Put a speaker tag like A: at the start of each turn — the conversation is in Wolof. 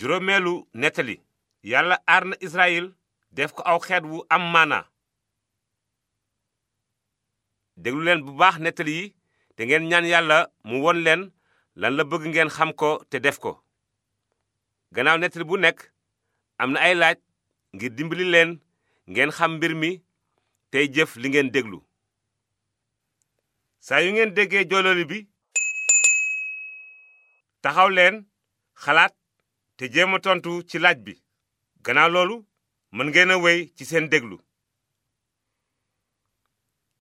A: juróomeelu nettali yàlla aar na israyil def ko aw xeet wu am maana déglu leen bu baax nettali yi te ngeen ñaan yàlla mu won leen lan la bëgg ngeen xam ko te def ko gannaaw nettali bu nekk am na ay laaj ngir dimbali leen ngeen xam mbir mi tey jëf li ngeen déglu saa yu ngeen déggee joololi bi taxaw leen xalaat te jéem a tontu ci laaj bi gannaaw loolu mën ngeen a wéy ci seen déglu.